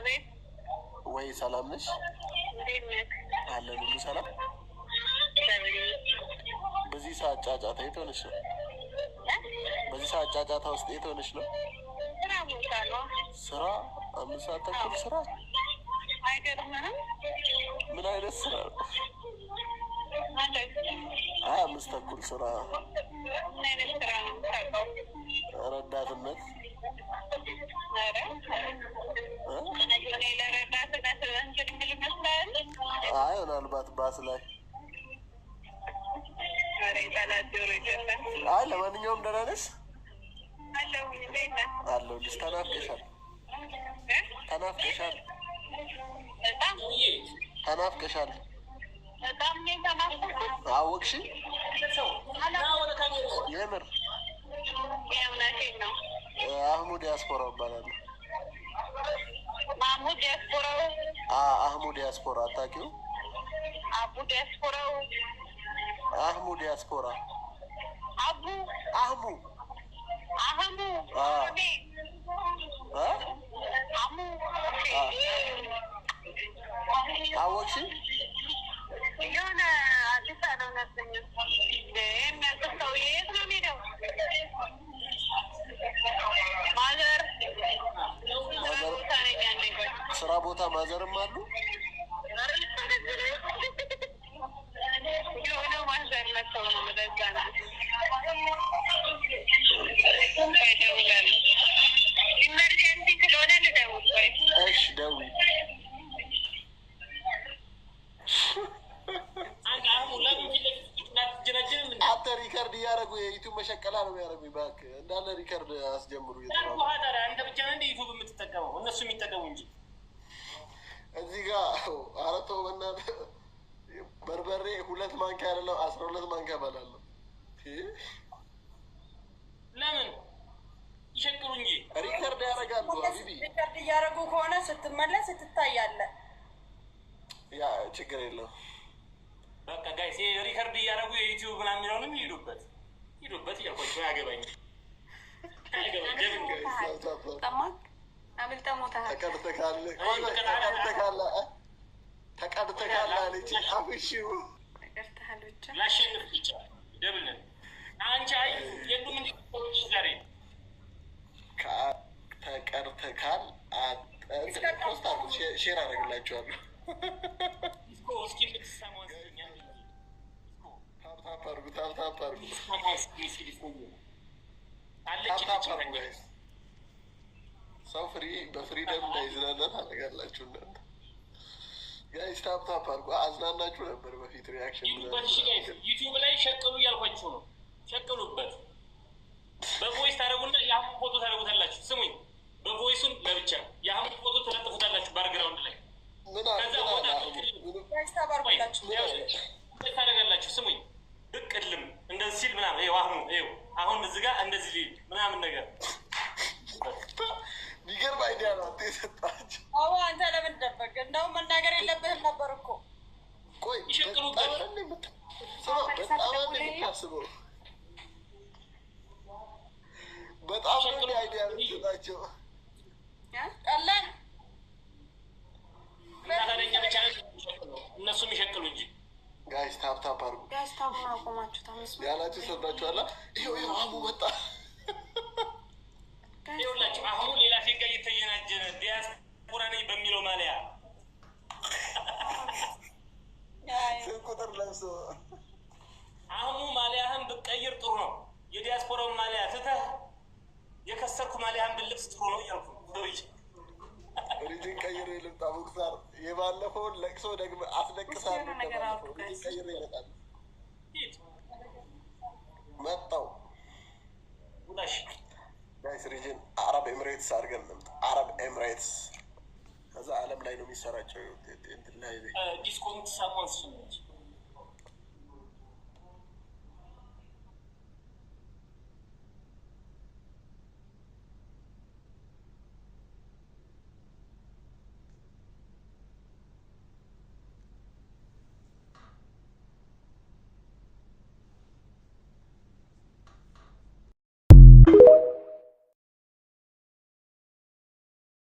አቤት። ወይ ሰላም ነሽ? አለ ሁሉ ሰላም። በዚህ ሰዓት ጫጫታ የት ሆነሽ ነው? በዚህ ሰዓት ጫጫታ ውስጥ የት ሆነሽ ነው? ስራ አምስት ሰዓት ተኩል ስራ። ምን አይነት ስራ ነው? ሀያ አምስት ተኩል ስራ ረዳትነት አይ ምናልባት ባስ ላይ አይ ለማንኛውም ደህና ነሽ? አለሁልሽ። ተናፍቀሻል ተናፍቀሻል ተናፍቀሻል። አወቅሽ? የምር አህሙ ዲያስፖራ እባላለሁ። አህሙ ዲያስፖራ አታውቂው? አቡ ዲያስፖራው አህሙ ዲያስፖራ አቡ አህሙ አህሙ አህሙ ቦታ ማዘርም አሉ ሪከርድ እያደረጉ የዩቱብ መሸቀላ ነው የሚያደረጉ። እባክህ እንዳለ ሪከርድ አስጀምሩ። አንተ ብቻ ዩቱብ የምትጠቀመው እነሱ የሚጠቀሙ እንጂ እዚህ ጋር አረቶ ተው በርበሬ ሁለት ማንኪያ አይደለም አስራ ሁለት ማንኪያ እበላለሁ። ለምን ይሸግሩ እንጂ ሪከርድ ያደርጋሉ። ሪከርድ እያደረጉ ከሆነ ስትመለስ ስትታያለህ። ያ ችግር የለው። በቃ ጋይስ ሪከርድ እያደረጉ የዩቲዩብ ምናምን የሚለውንም ይሄዱበት ይሄዱበት እያልኳቸው ያገባኛል። ተቀርተካላ ልጅ አብሽው ተቀርተሃል ብቻ ላሸንፍ ብቻ ደብል አንቺ አዩ የሉም እንዲሽ ዛሬ ተቀርተካል ፖስታ ሼር አደረግላችኋለሁ። ታፕታፕ አድርጉ ታፕታፕ አድርጉ ታፕታፕ አድርጉ ሰው ፍሪ በፍሪደም እንዳይዝናና ታደርጋላችሁ እናንተ ጋይስ። ታፕ ታፕ አድርጎ አዝናናችሁ ነበር በፊት ሪያክሽን ዩቲዩብ ላይ ሸቅሉ እያልኳችሁ ነው። ሸቅሉበት በቮይስ ታደረጉና የአህሙ ፎቶ ታደረጉታላችሁ። ስሙኝ፣ በቮይሱን ለብቻ የአህሙ ፎቶ ተለጥፉታላችሁ ባርግራውንድ ላይ ከዛ ቦታ ታደረጋላችሁ። ስሙኝ ብቅ እንደዚህ ሲል ምናምን አህሙ አሁን እዚህ ጋር እንደዚህ ምናምን ነገር አይዲያ ነው የሰጣቸው። አዎ አንተ ለምን ደበቅ? እንደውም መናገር የለብህም ነበር እኮ። ቆይ በጣም የምታስበው በጣም ነው አይዲያ ነው የሰጣቸው። እነሱ የሚሸቅሉ እንጂ ጋይስ ታፕታፕ አድርጉ ያላችሁ ሰጣችኋላ። ይኸው ይኸው አሙ መጣ ይኸውላችሁ አሁን ከአፍሪካ እየተየናጀነ ዲያስፖራ ነኝ በሚለው ማሊያ ቁጥር ለብሶ አህሙ ማሊያህን ብቀይር ጥሩ ነው። የዲያስፖራውን ማሊያ ትተህ የከሰርኩ ማሊያህን ብልብስ ጥሩ ነው እያልኩ ሪጅን ቀይር ልምጣ። ሙክታር የባለፈውን ለቅሶ ደግሞ አስለቅሳል። ሪጅን ቀይር ይመጣል። መጣው ጋይስ ሪጅን ኤምሬትስ አድርገን ልምጣ። አረብ ኤምሬትስ ከዛ አለም ላይ ነው የሚሰራቸው። ዲስኮንት ሳማንስ ነች